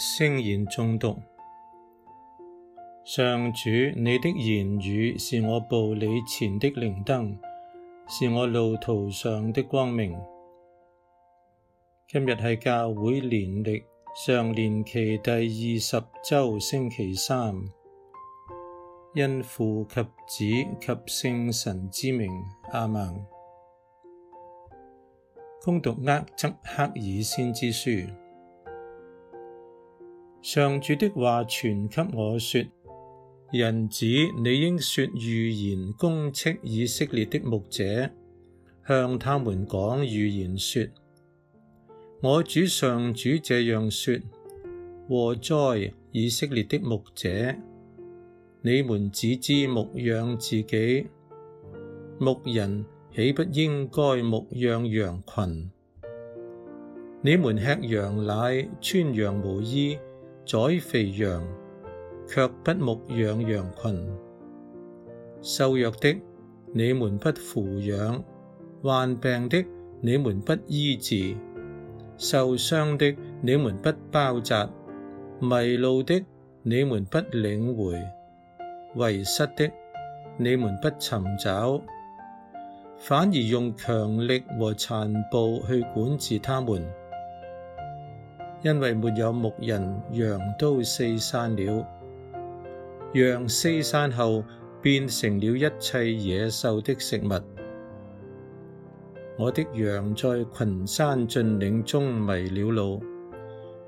聖言誦讀。上主，你的言語是我步履前的靈燈，是我路途上的光明。今日係教會年曆常年期第二十周星期三。因父及子及聖神之名，亞孟。恭讀厄則克耳先知書。上主的話傳給我說：人子，你應說預言，攻斥以色列的牧者，向他們講預言，說：我主上主這樣說：禍哉，以色列的牧者，你們只知牧養自己，牧人豈不應該牧養羊群？你們吃羊奶，穿羊毛衣。宰肥羊，卻不牧養羊群；瘦弱的你們不扶養，患病的你們不醫治，受傷的你們不包紮，迷路的你們不領回，遺失的你們不尋找，反而用強力和殘暴去管治他們。因為沒有牧人，羊都四散了。羊四散後，變成了一切野獸的食物。我的羊在群山峻嶺中迷了路，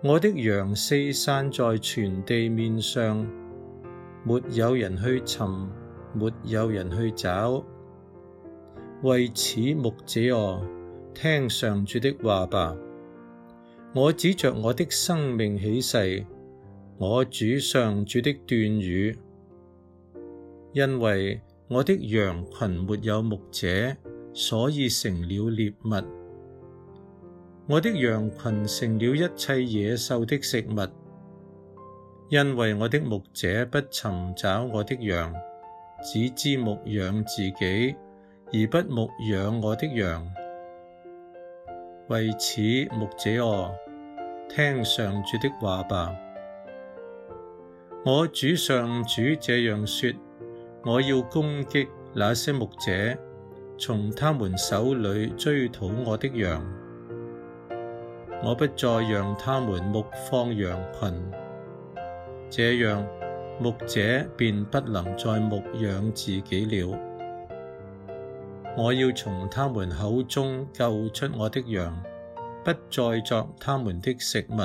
我的羊四散在全地面上，沒有人去尋，沒有人去找。為此牧者啊，聽上主的話吧。我指着我的生命起誓，我主上主的斷語，因為我的羊群沒有牧者，所以成了獵物。我的羊群成了一切野獸的食物，因為我的牧者不尋找我的羊，只知牧養自己，而不牧養我的羊。為此牧者啊，聽上主的話吧。我主上主這樣說：我要攻擊那些牧者，從他們手裏追討我的羊。我不再讓他們牧放羊群，這樣牧者便不能再牧養自己了。我要從他們口中救出我的羊，不再作他們的食物，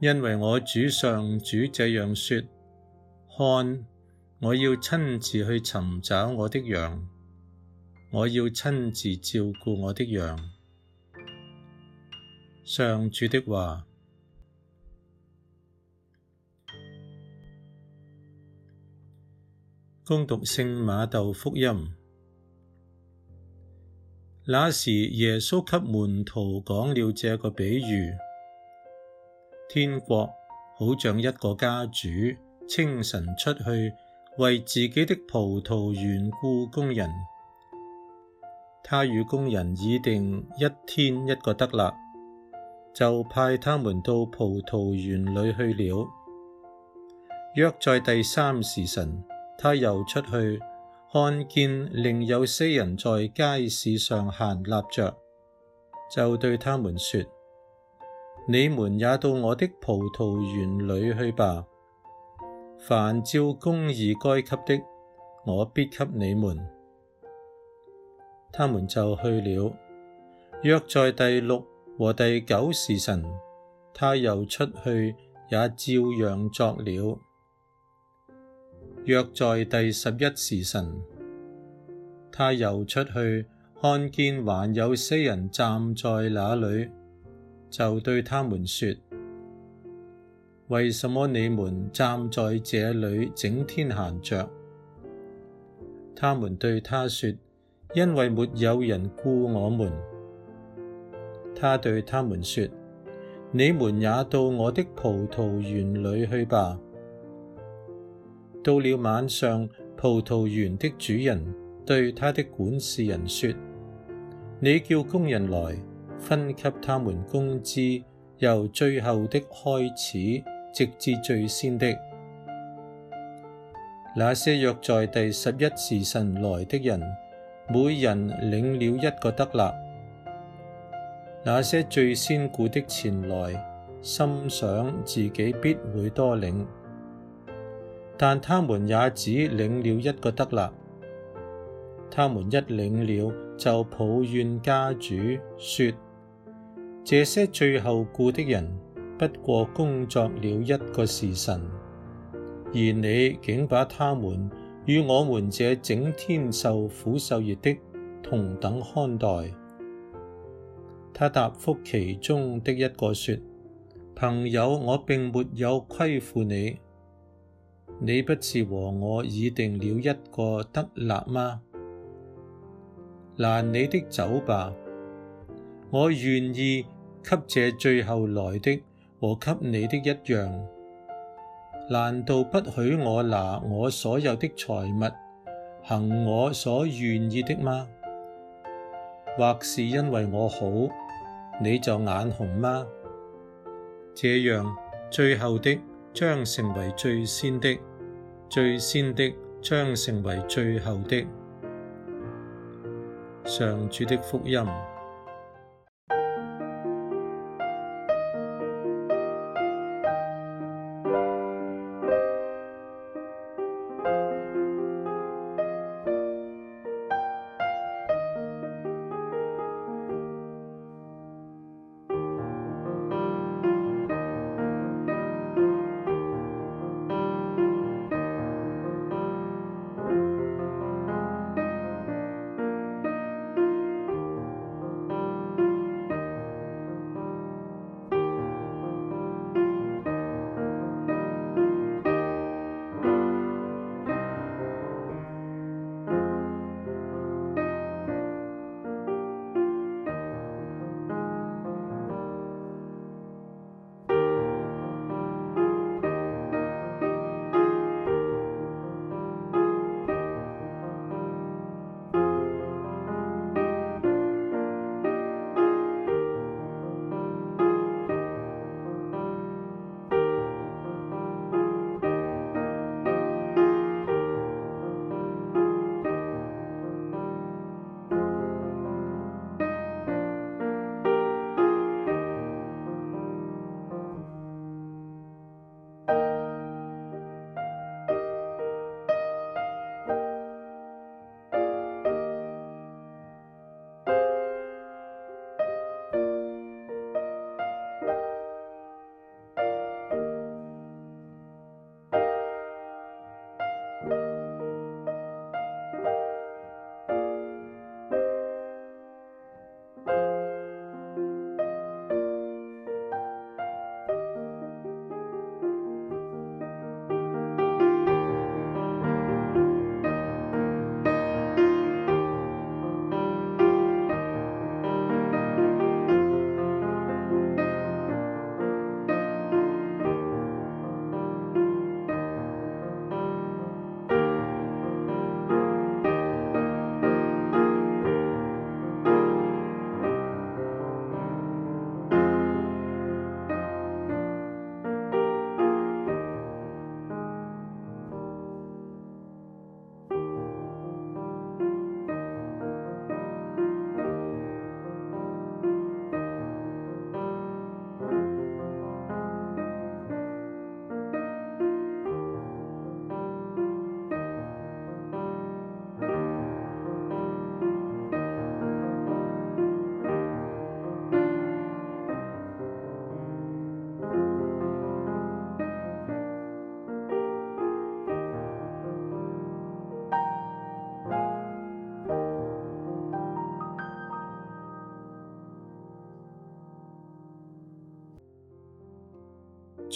因為我主上主這樣說：看，我要親自去尋找我的羊，我要親自照顧我的羊。上主的話。恭讀聖馬竇福音。那時，耶穌給門徒講了這個比喻：天國好像一個家主，清晨出去為自己的葡萄園僱工人，他與工人議定一天一個德納，就派他們到葡萄園裏去了。約在第三時辰，他又出去。看見另有些人在街市上閒立着，就對他們說：你們也到我的葡萄園裏去吧。凡照公義該給的，我必給你們。他們就去了。約在第六和第九時辰，他又出去，也照樣作了。約在第十一時辰，他又出去，看見還有些人站在那裏，就對他們說：為什麼你們站在這裏整天閒着？他們對他說：因為沒有人僱我們。他對他們說：你們也到我的葡萄園裏去吧。到了晚上，葡萄園的主人對他的管事人說：「你叫工人來，分給他們工資，由最後的開始，直至最先的。那些約在第十一時辰來的人，每人領了一個德納；那些最先雇的前來，心想自己必會多領。但他們也只領了一個德納。他們一領了，就抱怨家主，說：這些最後僱的人，不過工作了一個時辰，而你竟把他們與我們這整天受苦受熱的同等看待。他答覆其中的一個說：朋友，我並沒有虧負你。你不是和我議定了一個德納嗎？拿你的走吧，我願意給這最後來的和給你的一樣。難道不許我拿我所有的財物，行我所願意的嗎？或是因為我好，你就眼紅嗎？這樣，最後的將成為最先的。最先的將成為最後的，上主的福音。